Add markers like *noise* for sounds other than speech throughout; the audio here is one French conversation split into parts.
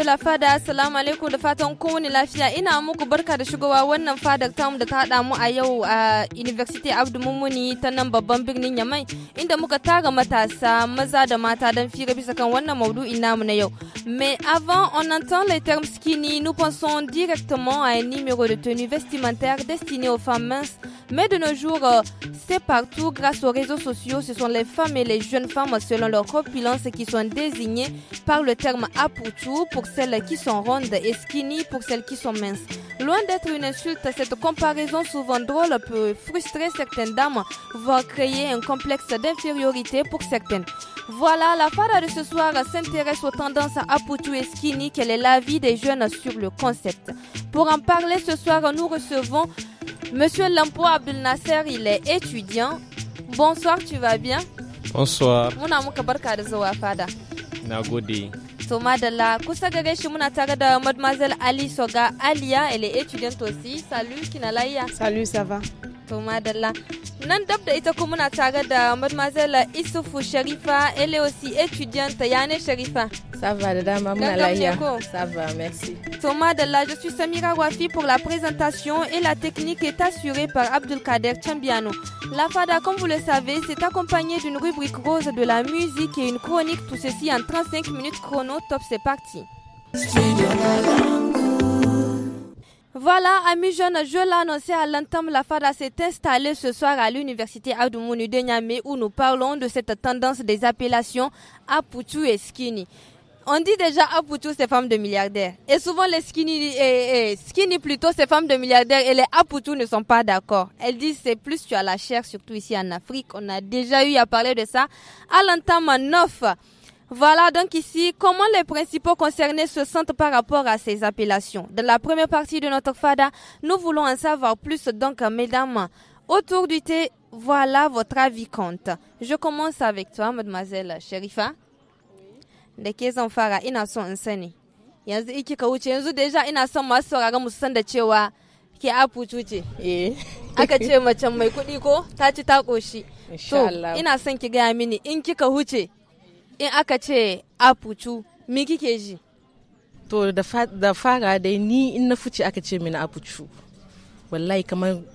de la fada assalamu alaikum da fatan kowane lafiya ina muku barka da shigowa wannan fadar tamu da ta hada mu a yau a university abdu mummuni ta nan babban birnin yamai inda muka taga matasa maza da mata don fira bisa kan wannan namu na yau mais avant on entend les termes skinny nous pensons directement à un numéro de tenue vestimentaire destiné aux femmes minces mais de nos jours euh, c'est partout grâce aux réseaux sociaux ce sont les femmes et les jeunes femmes selon leur corpulence qui sont désignées par le terme apoutou pour celles qui sont rondes et skinny pour celles qui sont minces. Loin d'être une insulte, cette comparaison souvent drôle peut frustrer certaines dames, voire créer un complexe d'infériorité pour certaines. Voilà, la fada de ce soir s'intéresse aux tendances à Poutou et skinny, quel est l'avis des jeunes sur le concept. Pour en parler ce soir, nous recevons Monsieur Lampo Abdel Nasser, il est étudiant. Bonsoir, tu vas bien Bonsoir. Mon barka da To Madala, Kusagareshi da mademoiselle Ali Soga, Alia, elle est étudiante aussi. Salut Kinalaya. Salut, ça va tomadella, non nan ita kuma muna mademoiselle isufu sharifa elle est aussi étudiante yane sharifa ça va dama muna lahiya ça va merci to je suis samira wafi pour la présentation et la technique est assurée par abdulkader chambiano la fada comme vous le savez c'est accompagné d'une rubrique rose de la musique et une chronique tout ceci en 35 minutes chrono top c'est parti voilà, amis jeunes, je l'ai annoncé à l'entame, la FADA s'est installée ce soir à l'université Abdoumouni de où nous parlons de cette tendance des appellations Apoutou et Skinny. On dit déjà Apoutou c'est femme de milliardaires. Et souvent, les Skinny, Skinny plutôt, c'est femme de milliardaires et les Apoutou ne sont pas d'accord. Elles disent c'est plus tu as la chair, surtout ici en Afrique. On a déjà eu à parler de ça. À l'entame, 9. Voilà donc ici comment les principaux concernés se sentent par rapport à ces appellations. Dans la première partie de notre FADA, nous voulons en savoir plus. Donc, mesdames, autour du thé, voilà votre avis compte. Je commence avec toi, mademoiselle Sherifa. *laughs* in kike ji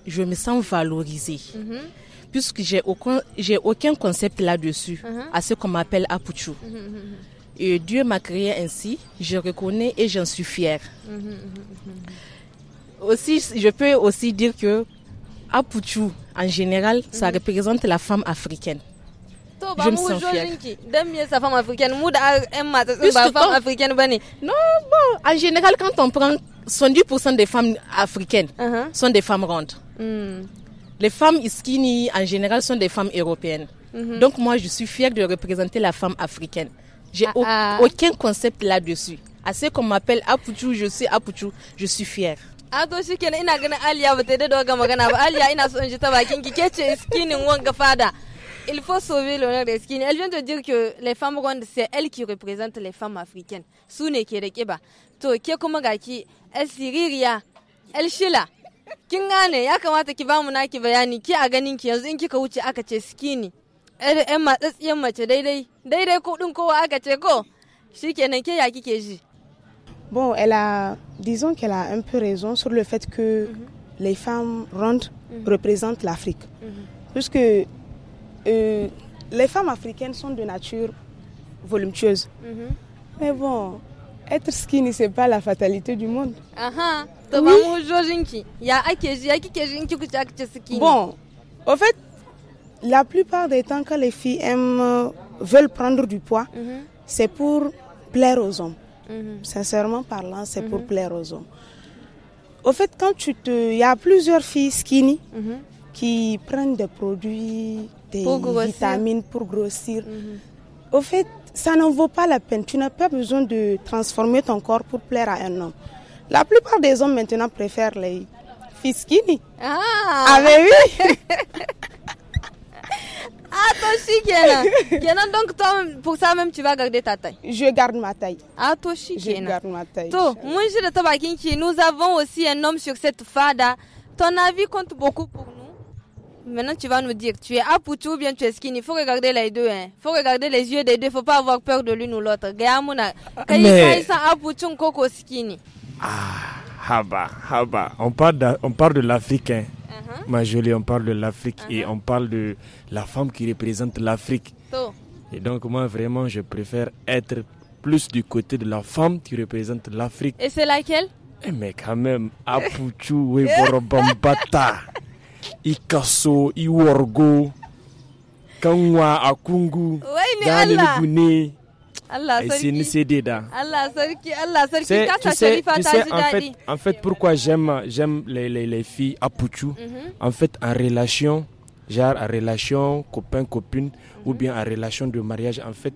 je me sens valorisée mhm. puisque j'ai aucun j'ai aucun concept là-dessus mhm. à ce qu'on m'appelle a mhm, Et Dieu m'a créé ainsi, je reconnais et j'en suis fière. Aussi, je peux aussi dire que Apuchu, en général, ça représente la femme africaine. Je me africaine africaine bon en général quand on prend 70% des femmes africaines uh-huh. sont des femmes rondes hmm. les femmes skinny en général sont des femmes européennes mm-hmm. donc moi je suis fière de représenter la femme africaine j'ai ah, ah. aucun concept là-dessus à ce qu'on m'appelle Apuchou, je suis Apuchou, je suis fière il faut sauver l'honneur des skins. Elle vient de dire que les femmes rondes, c'est elles qui représentent les femmes africaines. Sune Kerekeba. To, ke kuma gaki, El Siririya, El Shila. Kin gane, ya kamata ki bamu naki bayani, ki a ganin ki yanzu in kika wuce aka ce skini. Yan matsatsiyan mace daidai, daidai kudin kowa aka ce ko. Shikenan ke ya kike ji? Bon, elle a, disons qu'elle a un peu raison sur le fait que mm -hmm. les femmes rondes mm -hmm. représentent l'Afrique. Mm -hmm. Puisque euh, les femmes africaines sont de nature voluptueuse. Mhm. Mais bon, être skinny, c'est pas la fatalité du monde. Bon, au fait, la plupart des temps quand les filles euh, veulent prendre du poids, mhm. c'est pour plaire aux hommes. Mhm. Sincèrement parlant, c'est pour plaire aux hommes. Au fait, quand tu te. Il y a plusieurs filles skinny qui prennent des produits des pour vitamines pour grossir. Mhm. Au fait, ça n'en vaut pas la peine. Tu n'as pas besoin de transformer ton corps pour plaire à un homme. La plupart des hommes maintenant préfèrent les filles Ah, ah mais oui Atoshi *laughs* ah, Kenan. donc toi, pour ça même, tu vas garder ta taille. Je garde ma taille. Atoshi ah, Kenan. Je garde ma taille. To, de nous avons aussi un homme sur cette fada. Ton avis compte beaucoup pour nous. Maintenant, tu vas nous dire, tu es apoutou ou bien tu es skinny. Il faut regarder les deux. Il hein. faut regarder les yeux des deux. Il ne faut pas avoir peur de l'une ou l'autre. skinny. Ah, haba, haba. On parle de, on parle de l'Afrique. Hein. Uh-huh. Ma jolie, on parle de l'Afrique et uh-huh. on parle de la femme qui représente l'Afrique. Et donc, moi, vraiment, je préfère être plus du côté de la femme qui représente l'Afrique. Et c'est laquelle eh, Mais quand même, Aputu, *laughs* Weborobambata i kaso i wargo kanwa a kungu C'est ne en fait pourquoi j'aime j'aime les, les, les, filles à Pouchou mhm. en fait en relation genre en relation copain copine ou mhm. bien en relation de mariage en fait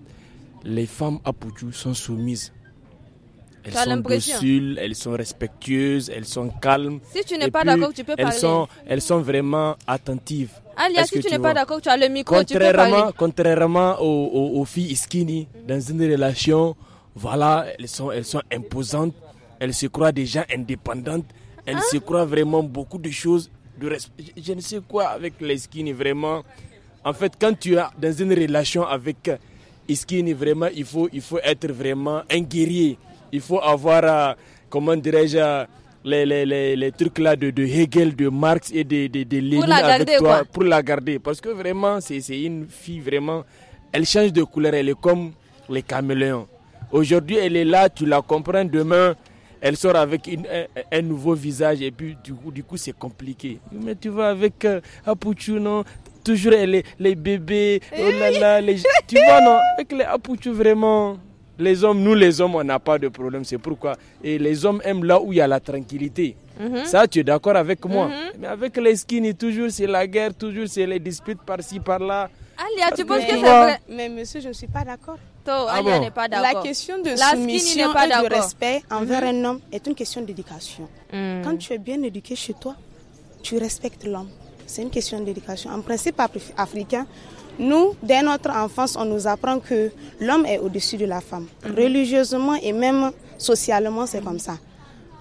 les femmes à sont soumises elles sont dociles, elles sont respectueuses, elles sont calmes. Si tu n'es pas d'accord, tu peux elles parler. Sont, elles sont vraiment attentives. Alia, si tu, n'es pas d'accord, tu as le micro, contrairement, tu peux parler. Contrairement aux, aux, filles skinny, dans une relation, voilà, elles sont, elles sont imposantes, elles se croient déjà indépendantes, elles hein? se croient vraiment beaucoup de choses. De je, ne sais quoi avec les skinny, vraiment. En fait, quand tu es dans une relation avec skinny, vraiment, il faut, il faut être vraiment un guerrier. Il faut avoir, euh, comment dirais-je, euh, les, trucs là de, Hegel, de Marx et de, de, pour avec toi pour la garder. Parce que vraiment, c'est une fille vraiment, elle change de couleur, elle est comme les caméléons. Aujourd'hui, elle est là, tu la comprends, demain, elle sort avec un, nouveau visage et puis du coup, du coup c'est compliqué. Mais tu vois, avec euh, non Toujours les bébés, oh là là, tu vois, non Avec les Apuchu, vraiment. Les hommes, nous les hommes, on n'a pas de problème. C'est pourquoi. Et les hommes aiment là où il y a la tranquillité. Mhm. Ça, tu es d'accord avec moi. Mhm. Mais avec les skinny, toujours c'est la guerre, toujours c'est les disputes par-ci, par-là. Alia, tu penses que ça Mais monsieur, je ne suis pas d'accord. Toi, ah Alia n'est pas d'accord. La question de soumission et de respect envers mhm. un homme est une question d'éducation. Quand tu es bien éduqué chez toi, tu respectes l'homme. C'est une question d'éducation. En principe africain, nous, dès notre enfance, on nous apprend que l'homme est au-dessus de la femme. Mhm. Religieusement et même socialement, c'est comme ça.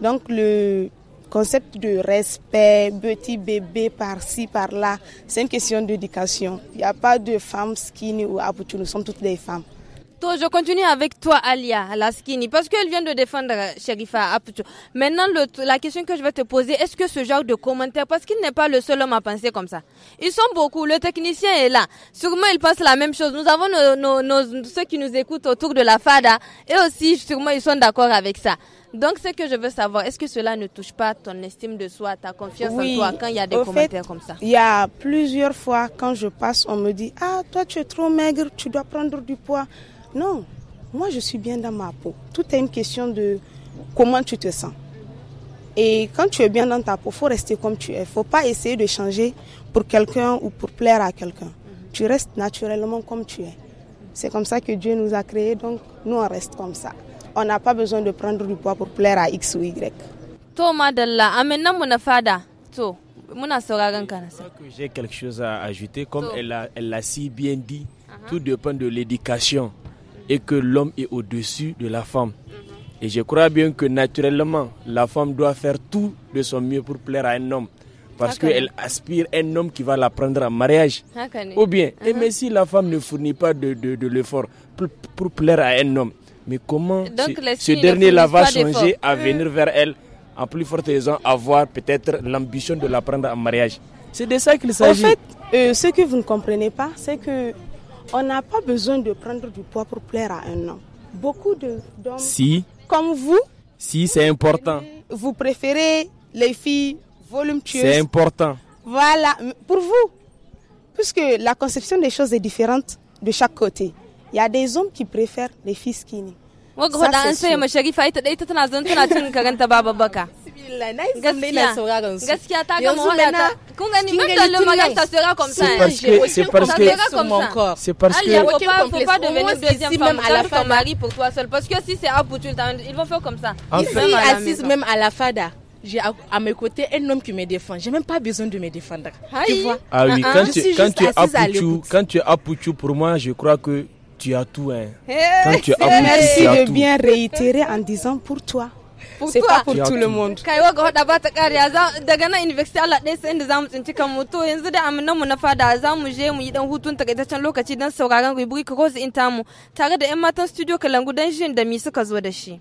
Donc le concept de respect, petit bébé par-ci, par-là, c'est une question d'éducation. Il n'y a pas de femme skinny ou aboutu, nous sommes toutes des femmes je continue avec toi, Alia Laskini, parce qu'elle vient de défendre euh, Sherifa Aptou. Maintenant, la question que je vais te poser, est-ce que ce genre de commentaire, parce qu'il n'est pas le seul homme à penser comme ça, ils sont beaucoup, le technicien est là, sûrement il pense la même chose. Nous avons nos, ceux qui nous écoutent autour de la FADA, et aussi sûrement ils sont d'accord avec ça. Donc, ce que je veux savoir, est-ce que cela ne touche pas ton estime de soi, ta confiance en toi quand il y a des commentaires comme ça Il y a plusieurs fois quand je passe, on me dit Ah, toi tu es trop maigre, tu dois prendre du poids. Non, moi je suis bien dans ma peau. Tout est une question de comment tu te sens. Et quand tu es bien dans ta peau, faut rester comme tu es. ne Faut pas essayer de changer pour quelqu'un ou pour plaire à quelqu'un. Tu restes naturellement comme tu es. C'est comme ça que Dieu nous a créés, donc nous on reste comme ça. On n'a pas besoin de prendre du poids pour plaire à X ou Y. fada. Je crois que j'ai quelque chose à ajouter comme elle l'a si bien dit. Uh-huh. Tout dépend de l'éducation et que l'homme est au-dessus de la femme. Et je crois bien que naturellement, la femme doit faire tout de son mieux pour plaire à un homme. Parce qu'elle aspire un homme qui va la prendre en mariage. Ou bien, et eh mais uh-huh. si la femme ne fournit pas de, de, l'effort pour, plaire à un homme, mais comment ce, dernier la va changer à mmh. venir vers elle, en plus forte raison, avoir peut-être l'ambition de la prendre en mariage C'est de ça qu'il s'agit. En fait, euh, ce que vous ne comprenez pas, c'est que on n'a pas besoin de prendre du poids pour plaire à un homme. Beaucoup d'hommes si. comme vous. Si, c'est important. Vous préférez les filles voluptueuses. C'est important. Voilà, pour vous. Puisque la conception des choses est différente de chaque côté. Il y a des hommes qui préfèrent les filles skinny ta sera comme ça c'est parce ah, que c'est parce que c'est parce que il faut pas faut pas devenir deuxième femme à la fada mari pour toi seul parce que si c'est le temps ils vont faire comme ça ici assise même à la fada j'ai à, à, mes côtés un homme qui me défend. J'ai même pas besoin de me défendre. Tu vois Ah oui, ah, ah. quand, tu, quand, tu es Apuchu, quand tu es Apuchu, pour moi, je crois que tu as tout. Hein. Hey, quand tu es Apuchu, Merci tu as de tout. bien réitérer en disant pour toi. c'est pas pour tout le monde kai waga hada ba ta kariya daga nan university Allah ɗaya sai inda zamu tsinci kan mu to yanzu da aminan mu na fada zamu je mu yi dan hutun takaitaccen lokaci dan sauraron rubrika in Intamu tare da yan matan studio Kalangu dan jin da mi suka zo da shi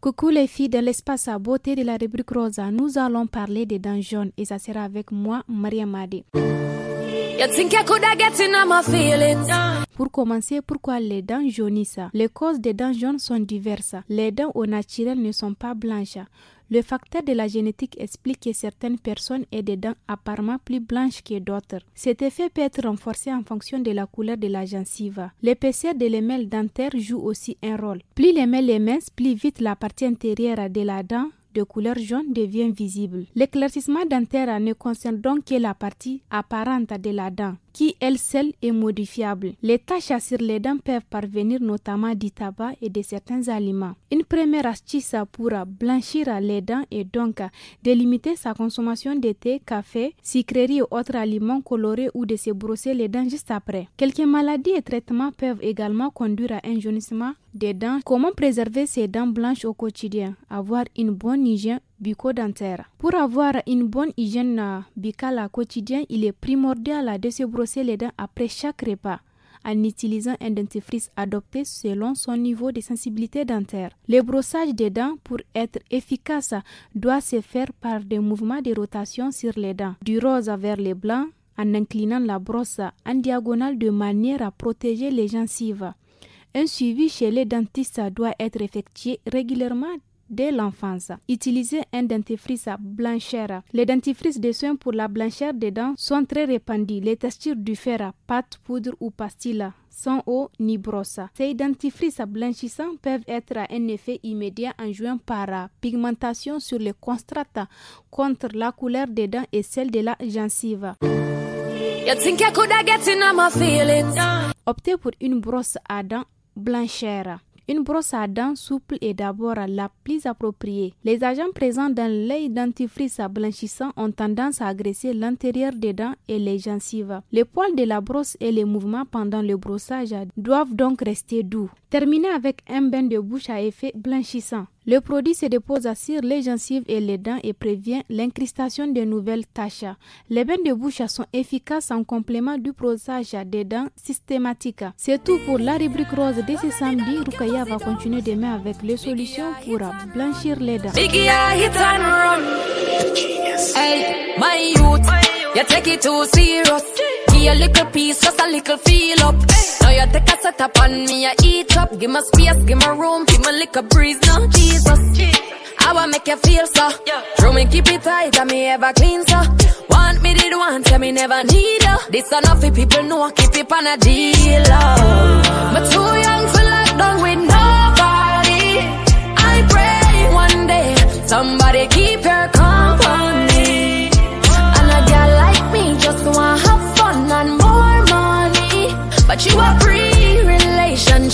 Coucou les filles de l'espace à beauté de la rubrique Rosa. Nous allons parler des dents jaunes et ça sera avec moi, Maria Madi. Pour commencer, pourquoi les dents jaunissent Les causes des dents jaunes sont diverses. Les dents au naturel ne sont pas blanches. Le facteur de la génétique explique que certaines personnes aient des dents apparemment plus blanches que d'autres. Cet effet peut être renforcé en fonction de la couleur de la gencive. L'épaisseur de l'émail dentaire joue aussi un rôle. Plus l'émail est mince, plus vite la partie intérieure de la dent de couleur jaune devient visible. L'éclaircissement dentaire ne concerne donc que la partie apparente de la dent, qui elle seule est modifiable. Les taches sur les dents peuvent parvenir notamment du tabac et de certains aliments. Une première astuce pour blanchir les dents est donc de limiter sa consommation de thé, café, sucreries ou autres aliments colorés ou de se brosser les dents juste après. Quelques maladies et traitements peuvent également conduire à un jaunissement dents, comment préserver ses dents blanches au quotidien, avoir une bonne hygiène bucco-dentaire. Pour avoir une bonne hygiène euh, buccale quotidien, il est primordial de se brosser les dents après chaque repas en utilisant un dentifrice adopté selon son niveau de sensibilité dentaire. Le brossage des dents, pour être efficace, doit se faire par des mouvements de rotation sur les dents, du rose vers le blanc, en inclinant la brosse en diagonale de manière à protéger les gencives. Un suivi chez les dentistes doit être effectué régulièrement dès l'enfance. Utilisez un dentifrice à blancheur. Les dentifrices de soins pour la blancheur des dents sont très répandus. Les textures du fer à pâte, poudre ou pastille sans eau ni brosse. Ces dentifrices blanchissants peuvent être à un effet immédiat en jouant par pigmentation sur les constrates contre la couleur des dents et celle de la gencive. Optez pour une brosse à dents blanchère. Une brosse à dents souple est d'abord la plus appropriée. Les agents présents dans l'œil dentifrice blanchissant ont tendance à agresser l'intérieur des dents et les gencives. Les poils de la brosse et les mouvements pendant le brossage doivent donc rester doux. Terminez avec un bain de bouche à effet blanchissant. Le produit se dépose à sur les gencives et les dents et prévient l'incrustation de nouvelles taches. Les bains de bouche sont efficaces en complément du prosage des dents systématique. C'est tout pour la rubrique rose de ce samedi. Rukaya va continuer demain avec les solutions pour blanchir les dents. a little piece, just a little feel up. Now you take a set up on me, I eat up. Give me space, give me room, give me a little breeze. No, Jesus. I want make you feel so. Yeah. me keep it tight and me ever clean so. Want me did want, tell me never need you. This enough for people know keep it on a deal. I'm uh. too young for lockdown with nobody. I pray one day somebody keep your company.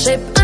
Shape.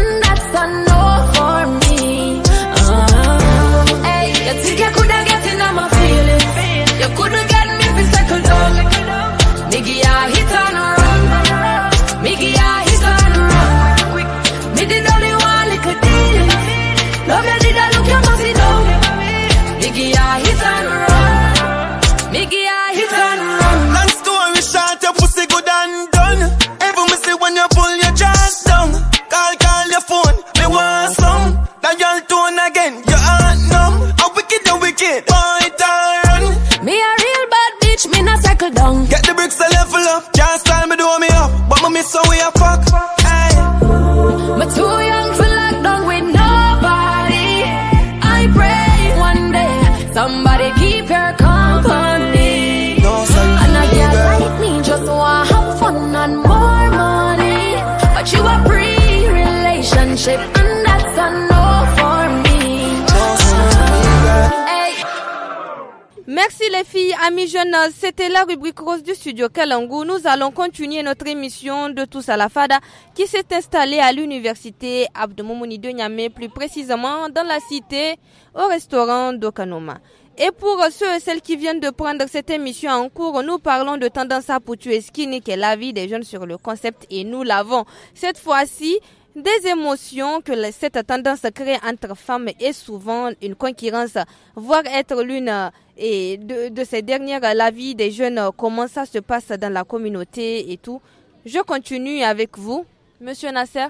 amis jeunes, c'était la rubrique rose du studio Kalangu. Nous allons continuer notre émission de Tous à la Fada qui s'est installée à l'université Abdoumouni de plus précisément dans la cité au restaurant d'Okanoma. Et pour ceux et celles qui viennent de prendre cette émission en cours, nous parlons de tendance à Poutu et Skinny, qui est l'avis des jeunes sur le concept et nous l'avons. Cette fois-ci, des émotions que cette tendance crée entre femmes est souvent une concurrence, voire être l'une de, ces dernières, la vie des jeunes, comment ça se passe dans la communauté et tout. Je continue avec vous, Monsieur Nasser.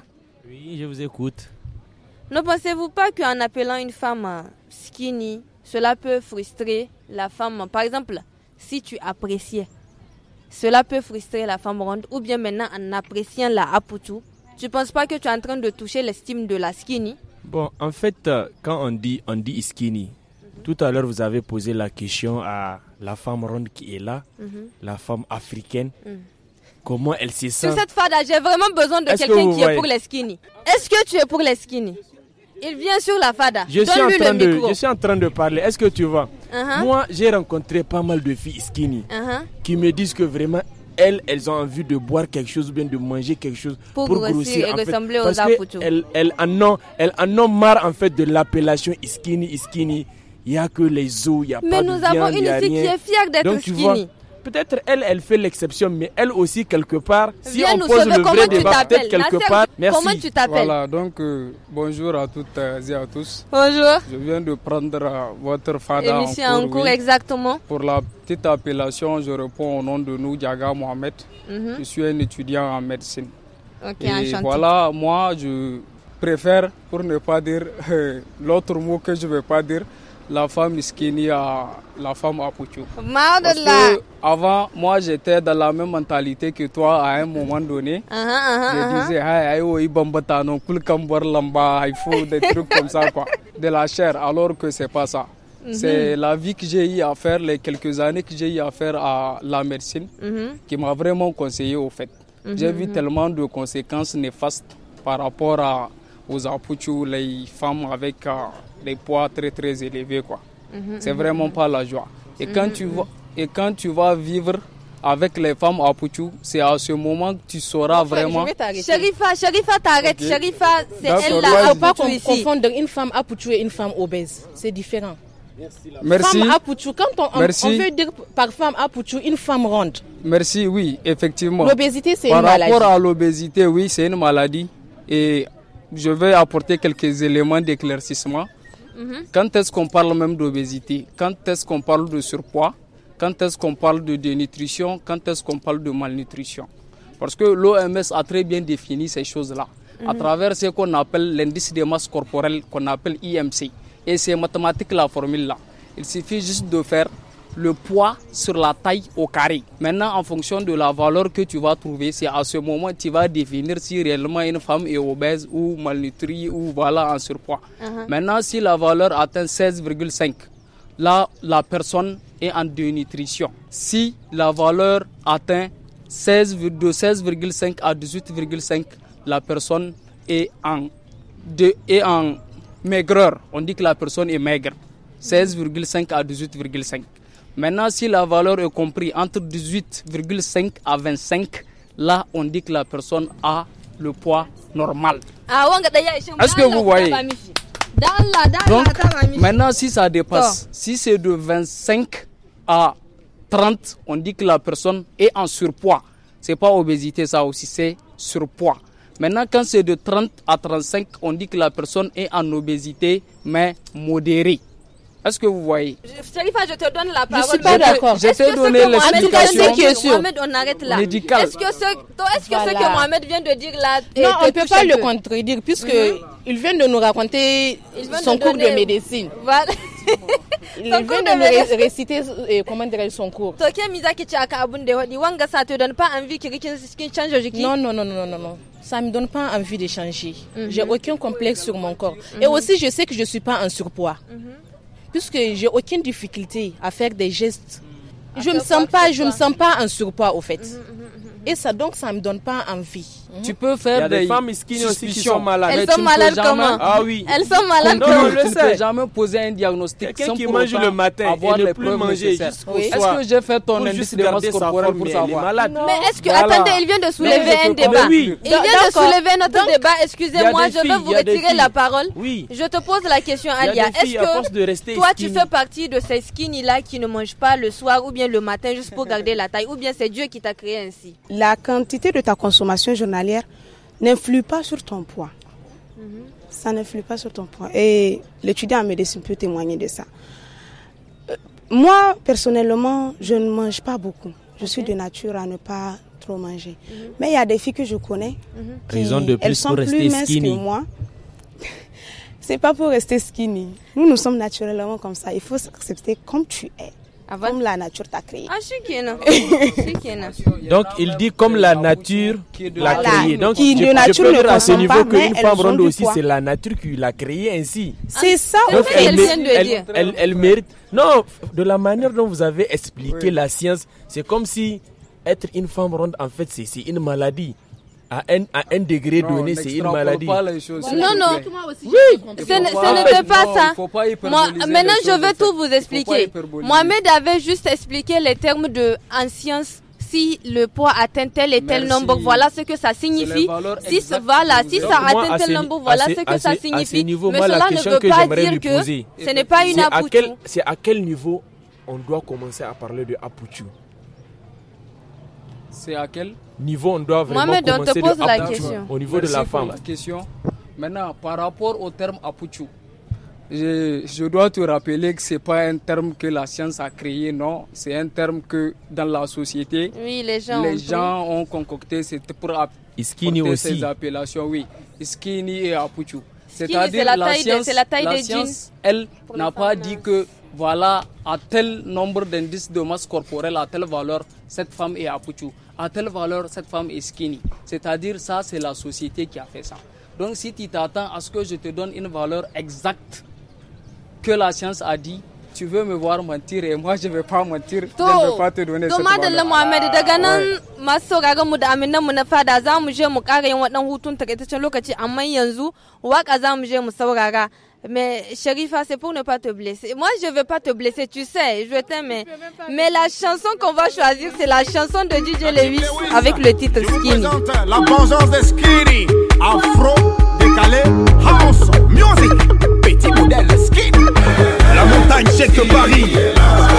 Oui, je vous écoute. Ne pensez-vous pas qu'en appelant une femme skinny, cela peut frustrer la femme Par exemple, si tu appréciais, cela peut frustrer la femme ronde, ou bien maintenant en appréciant la aputu, tu penses pas que tu es en train de toucher l'estime de la skinny Bon, en fait, euh, quand on dit on dit skinny, tout à l'heure vous avez posé la question à la femme ronde qui est là, mhm. la femme africaine. Mhm. Comment elle se sent Sur cette fada, j'ai vraiment besoin de quelqu'un qui est pour les skinny. Est-ce que tu es pour les skinny il vient sur la fada. Je, suis en, train de, je suis en train de parler. Est-ce que tu vois uh-huh. Moi, j'ai rencontré pas mal de filles skinny uh-huh. qui me disent que vraiment elles, elles ont envie de boire quelque chose ou bien de manger quelque chose pour, grossir. fait, parce aux elles, elles, en ont, en ont marre en fait de l'appellation iskini, iskini. Il n'y a que les os, il n'y a pas de viande, il rien. Mais nous avons une fille qui est fière d'être skinny. Vois, Peut-être elle, elle fait l'exception, mais elle aussi, quelque part, si on pose le vrai débat, peut-être quelque part. Merci. Comment tu t'appelles Voilà, donc euh, bonjour à toutes euh, et à tous. Bonjour. Je viens de prendre euh, votre fada en cours. exactement. Pour la petite appellation, je réponds au nom de nous, Diaga Mohamed. Mhm. Je suis un étudiant en médecine. Ok, et Voilà, moi, je préfère, pour ne pas dire *laughs* l'autre mot que je ne vais pas dire, la femme skinny à euh, la femme à Avant, moi, j'étais dans la même mentalité que toi à un moment donné. Uh-huh, uh-huh, je uh-huh. disais, il faut des trucs comme ça, quoi. De la chair, alors que c'est pas ça. Mm-hmm. C'est la vie que j'ai eu à faire, les quelques années que j'ai eu à faire à la médecine, mm-hmm. qui m'a vraiment conseillé au fait. Mm-hmm, j'ai vu tellement de conséquences néfastes par rapport à, aux apouchous, les femmes avec. Euh, des poids très très élevés. quoi. Mhm, c'est vraiment mhm. pas la joie. Et mhm, quand, tu vas, et quand tu vas vivre avec les femmes à c'est à ce moment que tu sauras vraiment. Sherifa, Sherifa, t'arrêtes. Sherifa, c'est elle là. Il ne faut pas qu'on confondre une femme à et une femme obèse. C'est différent. Merci. Femme à quand on, on, veut dire par femme à une femme ronde. Merci, oui, effectivement. L'obésité, c'est une maladie. Par rapport à l'obésité, oui, c'est une maladie. Et je vais apporter quelques éléments d'éclaircissement. Mhm. Quand est-ce qu'on parle même d'obésité Quand est-ce qu'on parle de surpoids Quand est-ce qu'on parle de dénutrition Quand est-ce qu'on parle de malnutrition Parce que l'OMS a très bien défini ces choses-là à mhm. travers ce qu'on appelle l'indice de masse corporelle qu'on appelle IMC. Et c'est mathématique la formule-là. Il suffit juste de faire le poids sur la taille au carré. Maintenant, en fonction de la valeur que tu vas trouver, c'est à ce moment que tu vas définir si réellement une femme est obèse ou malnutrie ou voilà en surpoids. Uh-huh. Maintenant, si la valeur atteint 16,5, là, la personne est en dénutrition. Si la valeur atteint 16, de 16,5 à 18,5, la personne est en, est en maigreur. On dit que la personne est maigre. 16,5 à 18,5. Maintenant, si la valeur est comprise entre 18,5 à 25, là, on dit que la personne a le poids normal. Ah, Est-ce que vous voyez maintenant, si ça dépasse, si c'est de 25 à 30, on dit que la personne est en surpoids. C'est pas obésité, ça aussi, c'est surpoids. Maintenant, quand c'est de 30 à 35, on dit que la personne est en obésité, mais modérée. Est-ce que vous voyez je te donne la parole. Je suis pas d'accord. Je t'ai donné l'explication on arrête là. Est-ce que ce, est-ce que, ce que Mohamed vient de dire là Non, on ne peut pas le contredire puisque mhm. il vient de nous raconter son cours de médecine. Voilà. *laughs* Il vient de nous réciter euh, comment dirait son cours. To ke te donne pas envie que change Non non non non non non. Ça me donne pas envie de changer. Mm -hmm. J'ai aucun complexe sur mon corps. Et mhm. aussi je sais que je suis pas en surpoids. Mhm puisque j'ai aucune difficulté à faire des gestes. Mm. Je ne me sens pas, je me sens pas en surpoids au fait. Mm, mm, et ça, donc, ça me donne pas envie. Hmm? Tu peux faire Il y a des, femmes skinny aussi qui sont malades. Elles sont malades jamais... Ah oui. Elles sont malades non, comment ne jamais poser un diagnostic. Quelqu'un qui mange le matin avoir et ne plus manger jusqu'au soir. Est-ce que j'ai fait ton indice de masse corporelle pour savoir Mais est-ce que attendez, il vient de soulever un débat. Il vient de soulever notre débat. Excusez-moi, je vais vous retirer la parole. Oui. Je te pose la question, Alia. Est-ce que toi, tu fais partie de ces skinny là qui ne mangent pas le soir ou bien le matin juste pour *laughs* garder la taille ou bien c'est Dieu qui t'a créé ainsi la quantité de ta consommation journalière n'influe pas sur ton poids. Mhm. Ça n'influe pas sur ton poids. Et l'étudiant en médecine peut témoigner de ça. Euh, moi, personnellement, je ne mange pas beaucoup. Je suis de nature à ne pas trop manger. Mhm. Mais il y a des filles que je connais. Mhm. de plus elles sont pour plus rester minces skinny. que moi. *laughs* C'est pas pour rester skinny. Nous, nous sommes naturellement comme ça. Il faut s'accepter comme tu es. Ah, comme la nature t'a créé. Ah, *laughs* Donc il dit comme la nature l'a créé. Donc il peux à ce niveau qu'une femme ronde aussi, c'est la nature qui l'a créé ainsi. C'est ah, ça. Donc elle, elle, elle, mérite. Non, de la manière dont vous avez expliqué la science, c'est comme si être une femme ronde en fait c'est une maladie à un, degré donné, c'est une maladie. non, non, oui, ce, n'est pas ça. maintenant, je vais tout vous expliquer. Mohamed avait juste expliqué les termes de si le poids atteint tel et tel nombre, voilà ce que ça signifie. Si, ce, voilà, si ça atteint tel nombre, voilà ce, que ça signifie. Mais cela ne veut pas dire que ce n'est pas une apouture. C'est à quel niveau on doit commencer à parler de apouture C'est à quel niveau, on doit vraiment commencer te au niveau de la femme. question. Maintenant, par rapport au terme apuchu je, je, dois te rappeler que ce n'est pas un terme que la science a créé, non. C'est un terme que dans la société, les gens, les ont, gens ont, concocté pour Iskini aussi. ces appellations. Oui, Iskini et apuchu C'est-à-dire la, science, la taille des jeans elle, n'a pas dit hein. que voilà, à tel nombre d'indices de masse corporelle, à telle valeur, cette femme est Apuchu, à telle valeur, cette femme est skinny. C'est-à-dire, ça, c'est la société qui a fait ça. Donc, si tu t'attends à ce que je te donne une valeur exacte que la science a dit, tu veux me voir mentir et moi je vais pas mentir je ne vais pas te donner to ah, je mais chérifa, c'est pour ne pas te blesser. Moi, je veux pas te blesser, tu sais, je t'aime. Mais, la chanson qu'on va choisir, c'est la chanson de DJ Lewis avec le titre Skinny. Hein, la vengeance de Skinny, afro, décalé, house, music, petit modèle Skinny. La montagne Paris.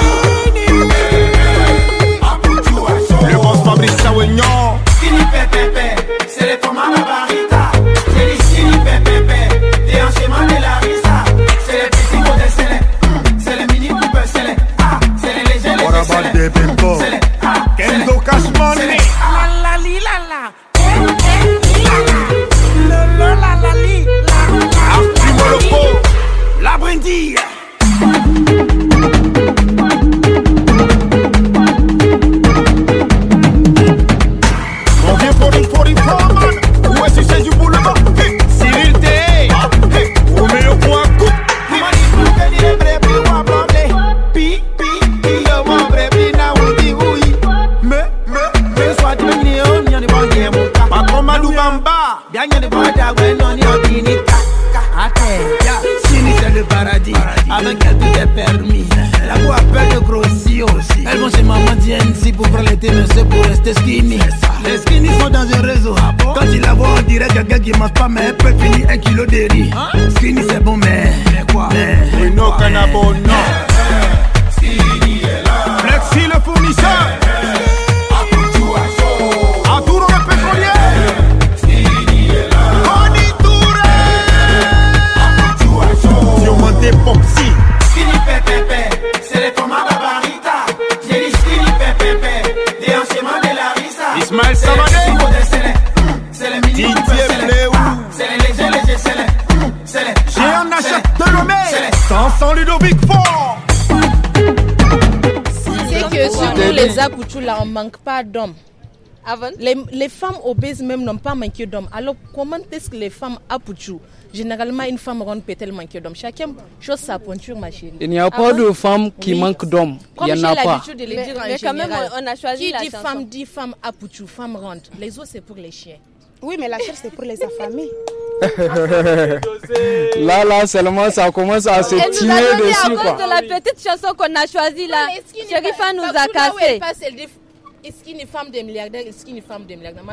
réseau. Ah bon Quand il la vois, on dirait quelqu'un qui mange pas, mais elle peut finir un kilo de riz. Hein Skinny, c'est bon, mais. Mais quoi Mais non, cannabis, non. Eh, eh, Flexi le fournisseur. Eh, les apoutchous là, on manque pas d'hommes. Avant les, les, femmes obèses même n'ont pas manqué d'hommes. Alors comment est-ce que les femmes Apuchou, généralement une femme ronde peut-elle manquer d'hommes Chacun chose sa pointure, ma chérie. Il n'y a pas de femme qui manque d'hommes. Il n'y en a pas. mais, en quand même, on a choisi qui la dit femme dit femme Apuchou, femme ronde. Les autres, c'est pour les chiens. Oui, mais la chair, c'est pour les affamés là, là, seulement, ça commence à se tirer dessus. À cause de la petite chanson qu'on a choisie là, Sherifa nous a cassé. Est-ce une femme de milliardaire, est-ce une femme de milliardaire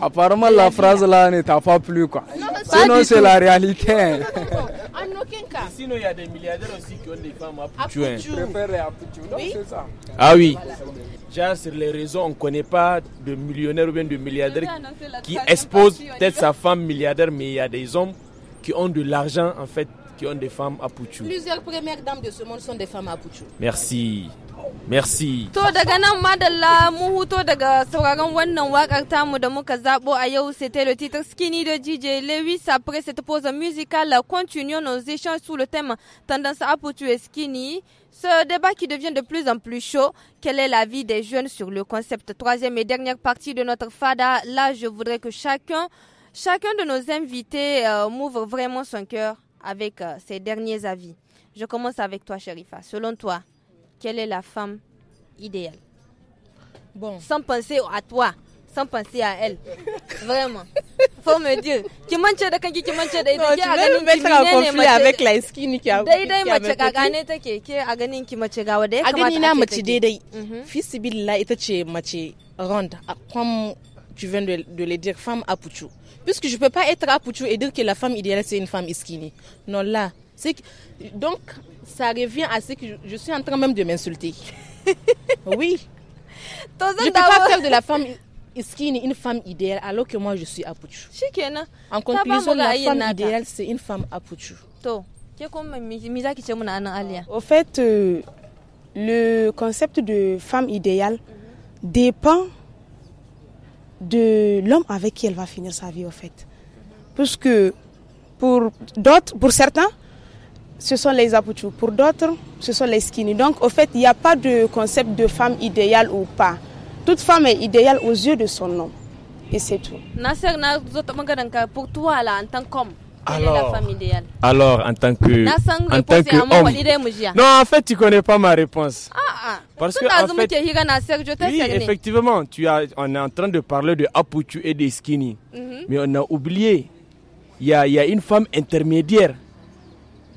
Apparemment, la phrase là ne t'a pas plus quoi. Sinon, c'est la réalité. sinon, il y a des milliardaires aussi qui ont des femmes à Pouchou. Hein. Ah oui. Voilà. sur les réseaux, on ne connaît pas de millionnaires ou bien de milliardaires qui expose peut-être sa femme milliardaire, mais il y a des hommes qui ont de l'argent en fait qui ont des femmes à Pouchou. Plusieurs premières dames de ce monde sont des femmes à Pouchou. Merci. Merci. To daga nan madalla mu huto daga sauraron wannan wakar da c'était le titre Skinny de DJ Lewis après cette pause musicale continuons nos échanges sous le thème tendance à pour skinny. Ce débat qui devient de plus en plus chaud, quel est l'avis des jeunes sur le concept Troisième et dernière partie de notre fada. Là, je voudrais que chacun chacun de nos invités euh, m'ouvre vraiment son cœur avec euh, ses derniers avis. Je commence avec toi, Sherifa. Selon toi, quelle est la femme idéale. Bon. Sans penser à toi, sans penser à elle. *laughs* Vraiment. Faut me dire. Tu mance da kanki ki mance da idan ki a ganin ki ne conflit avec la skin qui a. Daidai mace ka gane take ke a ganin ki mace gawa da ya na A gani na mace daidai. Mhm. Fi ce mace ronde ah, comme tu viens de, de le dire femme à Puisque je peux pas être à et dire que la femme idéale c'est une femme skinny. Non là, donc, ça revient à ce que je, suis en train même de m'insulter. *laughs* oui. je ne peux pas faire de la femme est une femme idéale alors que moi je suis apuchu. En conclusion, la femme idéale, c'est une femme apuchu. Au fait, euh, le concept de femme idéale dépend de l'homme avec qui elle va finir sa vie, au fait. Parce que pour d'autres, pour certains, ce sont les Apoutu. Pour d'autres, ce sont les skinny. Donc, au fait, il n'y a pas de concept de femme idéale ou pas. Toute femme est idéale aux yeux de son homme. Et c'est tout. Nasser, pour toi, en tant qu'homme, alors, alors, en tant que, en tant que homme. Non, en fait, tu connais pas ma réponse. Ah, ah. Parce que, en fait, oui, effectivement, tu as, on est en train de parler de Apuchu et des skinny. Mhm. Mais on a oublié, il y a, y a une femme intermédiaire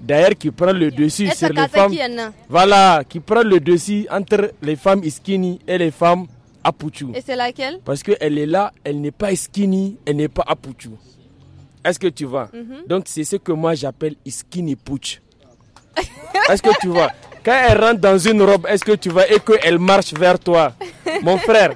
d'ailleurs qui prend le dessus sur les femmes. Voilà, qui prend le dessus entre les femmes iskini et les femmes apuchu. Et c'est laquelle Parce qu'elle est là, elle n'est pas iskini, elle n'est pas apuchu. Est-ce que tu vois mhm. Donc c'est ce que moi j'appelle iskini pouch Est-ce que tu vois Quand elle rentre dans une robe, est-ce que tu vois et qu'elle marche vers toi Mon frère,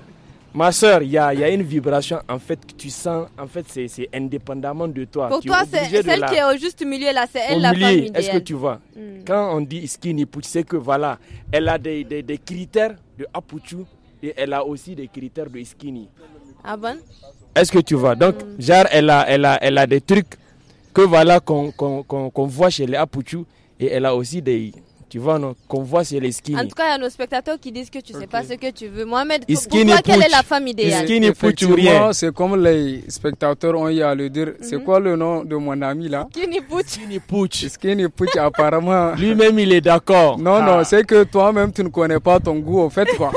Ma soeur, il y, a, une vibration en fait que tu sens, en fait c'est indépendamment de toi. Pour toi, c'est celle qui est au juste milieu là, c'est elle au la milieu, Est-ce que tu vois hmm. Quand on dit skinny tu c'est que voilà, elle a des, critères de Apuchu et elle a aussi des critères de skinny. Ah bon Est-ce que tu vois Donc, hmm. genre, elle a, elle, a, elle a des trucs que voilà qu'on voit chez les Apuchu et elle a aussi des, tu vois, Qu'on voit, c'est les skins. En tout cas, il y a nos spectateurs qui disent que tu ne sais pas ce que tu veux. Mohamed, pour toi, quelle est la femme idéale Iskini rien. c'est comme les spectateurs ont eu à le dire. C'est mhm. quoi le nom de mon ami, là Skinny Pooch. Skinny Pooch. apparemment. *laughs* Lui-même, il est d'accord. Non, non, ah. c'est que toi-même, tu ne connais pas ton goût, en fait, quoi.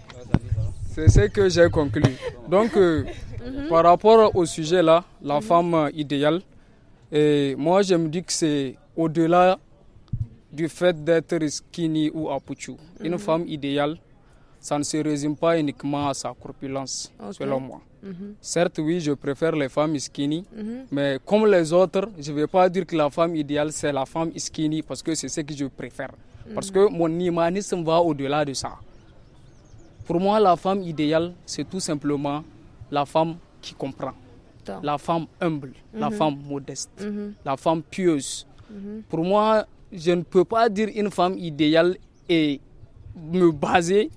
*laughs* c'est ce que j'ai conclu. Donc, euh, mhm. par rapport au sujet, là, la femme idéale, et moi, je me dis que c'est au-delà du fait d'être skinny ou apuchou. Une mhm. femme idéale, ça ne se résume pas uniquement à sa corpulence, selon moi. Mhm. Certes, oui, je préfère les femmes skinny, mhm. mais comme les autres, je ne vais pas dire que la femme idéale, c'est la femme skinny parce que c'est ce que je préfère. Parce que mon humanisme va au-delà de ça. Pour moi, la femme idéale, c'est tout simplement la femme qui comprend, la femme humble, la femme modeste, la femme pieuse. Pour moi, je ne peux pas dire une femme idéale et me baser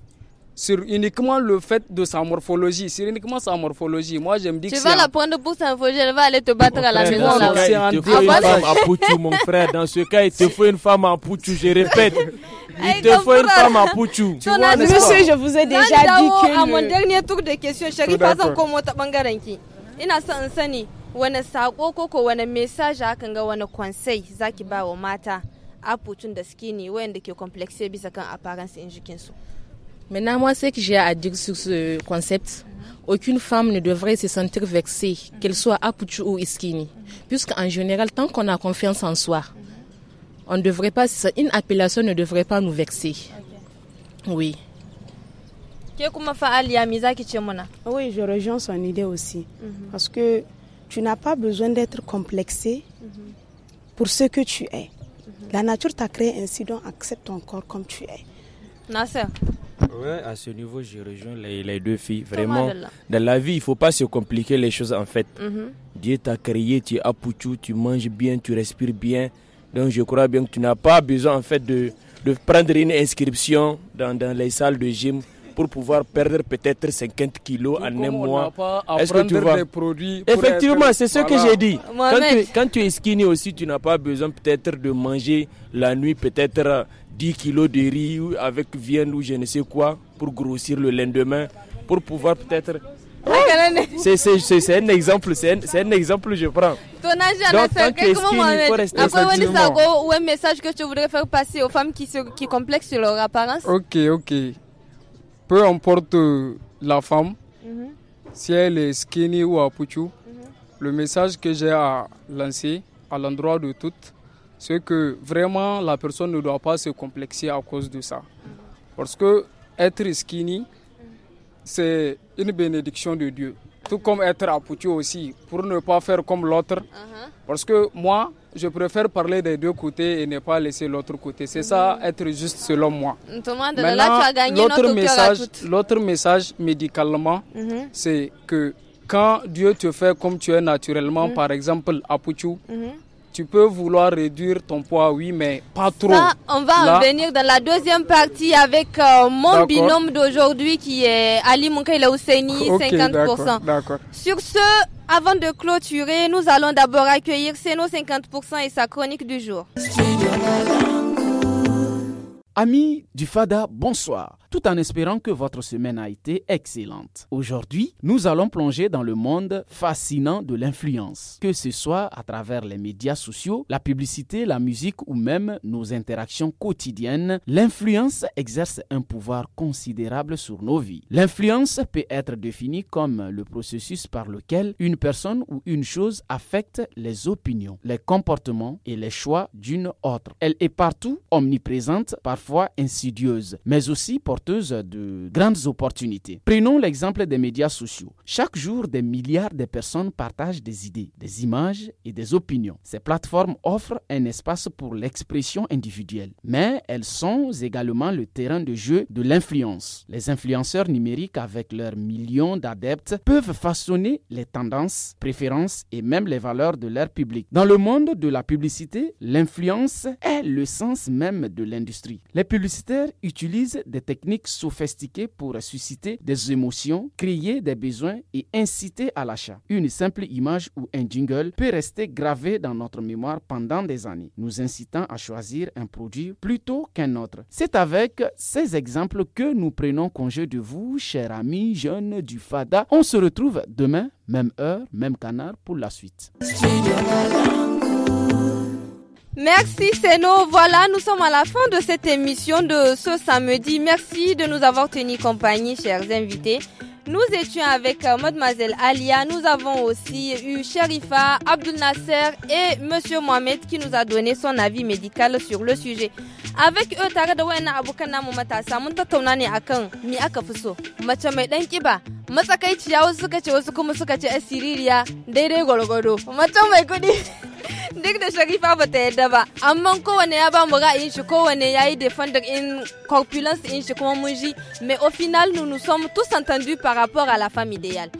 sur uniquement le fait de sa morphologie, sur uniquement sa morphologie. Moi, je me dis tu que Tu vas la un... prendre pour sa elle va aller te battre à la maison maison. Là. Cas, il te faut ah, une femme à Poutou, mon frère. Dans ce cas, il te faut une femme à Poutou, je répète. Il te faut une femme à Poutou. Tu vois, Monsieur, je vous ai déjà dit que... À mon dernier tour de questions, chérie, pas encore moi, il y a un sani, il y a un message y a un conseil y a un conseil apotun da suke ne wayanda ke complexe bisa kan apparence in Mais Maintenant, moi, ce que j'ai à dire sur ce concept, aucune femme ne devrait se sentir vexée, qu'elle soit apuchu ou iskini. Puisqu'en général, tant qu'on a confiance en soi, on ne devrait pas, une appellation ne devrait pas nous vexer. Oui. Oui, je rejoins son idée aussi. Mhm. Parce que tu n'as pas besoin d'être complexé mhm. pour ce que tu es. La nature t'a créé ainsi, donc accepte ton corps comme tu es. Nasser Oui, à ce niveau, je rejoins les, deux filles. Vraiment, dans la vie, il ne faut pas se compliquer les choses en fait. Mhm. Dieu t'a créé, tu es Poutou, tu manges bien, tu respires bien. Donc je crois bien que tu n'as pas besoin en fait de, de prendre une inscription dans, dans les salles de gym pour pouvoir perdre peut-être 50 kilos en un mois. Est-ce que tu produits Effectivement, c'est ce que j'ai dit. Quand tu, es skinny aussi, tu n'as pas besoin peut-être de manger la nuit peut-être 10 kilos de riz avec viande ou je ne sais quoi pour grossir le lendemain, pour pouvoir peut-être c'est un exemple, c'est un, exemple je prends. un message que tu voudrais faire passer aux femmes qui, se, qui complexent leur apparence Ok, ok peu importe euh, la femme, si elle est skinny ou à Puchu, le message que j'ai à lancer à l'endroit de toutes, c'est que vraiment la personne ne doit pas se complexer à cause de ça. Parce que être skinny, c'est une bénédiction de Dieu tout comme être Poutou aussi, pour ne pas faire comme l'autre. Uh-huh. Parce que moi, je préfère parler des deux côtés et ne pas laisser l'autre côté. C'est ça, mm-hmm. être juste selon moi. L'autre message, l'autre message médicalement, mm-hmm. c'est que quand Dieu te fait comme tu es naturellement, mm-hmm. par exemple, Apoutu tu peux vouloir réduire ton poids, oui, mais pas trop. on va en venir dans la deuxième partie avec euh, mon binôme d'aujourd'hui qui est Ali Moukaila Ousseini, 50%. Sur ce, avant de clôturer, nous allons d'abord accueillir Seno 50% et sa chronique du jour. Ami du FADA, bonsoir tout en espérant que votre semaine a été excellente. Aujourd'hui, nous allons plonger dans le monde fascinant de l'influence, que ce soit à travers les médias sociaux, la publicité, la musique ou même nos interactions quotidiennes. L'influence exerce un pouvoir considérable sur nos vies. L'influence peut être définie comme le processus par lequel une personne ou une chose affecte les opinions, les comportements et les choix d'une autre. Elle est partout, omniprésente, parfois insidieuse, mais aussi pour de grandes opportunités. Prenons l'exemple des médias sociaux. Chaque jour, des milliards de personnes partagent des idées, des images et des opinions. Ces plateformes offrent un espace pour l'expression individuelle, mais elles sont également le terrain de jeu de l'influence. Les influenceurs numériques, avec leurs millions d'adeptes, peuvent façonner les tendances, préférences et même les valeurs de leur public. Dans le monde de la publicité, l'influence est le sens même de l'industrie. Les publicitaires utilisent des techniques techniques sophistiquées pour susciter des émotions, créer des besoins et inciter à l'achat. Une simple image ou un jingle peut rester gravé dans notre mémoire pendant des années, nous incitant à choisir un produit plutôt qu'un autre. C'est avec ces exemples que nous prenons congé de vous, chers amis jeunes du FADA. On se retrouve demain, même heure, même canard pour la suite. Merci, Seno. Voilà, nous sommes à la fin de cette émission de ce samedi. Merci de nous avoir tenu compagnie, chers invités. Nous étions avec euh, Mademoiselle Alia. Nous avons aussi eu Sherifa, Abdul Nasser et Monsieur Mohamed qui nous a donné son avis médical sur le sujet. Avec eux, tare da Momata, abokan namu mun tattauna ne akan me aka fi so. Mace mai dan kiba, matsakaiciya wasu suka ce *laughs* da amma kowane ya ba mu shi kowane in corpulence in shi kuma mais au final nous nous sommes tous entendus par rapport à la femme idéale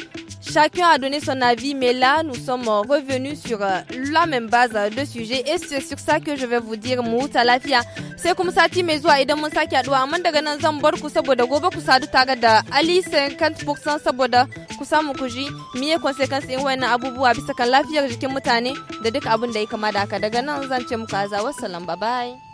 Chacun a donné son avis, mais là, nous sommes revenus sur euh, la même base de sujet et c'est sur ça que je vais vous dire Moutalafia. Lafia. sai kuma sati mai zuwa idan mun sake haduwa amma daga nan zan bar ku saboda gobe ku sadu tare da Ali Sankant Boxan saboda ku samu ku ji miye consequence in wannan abubuwa bisa kan lafiyar jikin mutane da duk abin da ya kama da haka daga nan zan ce muku azawa salam bye bye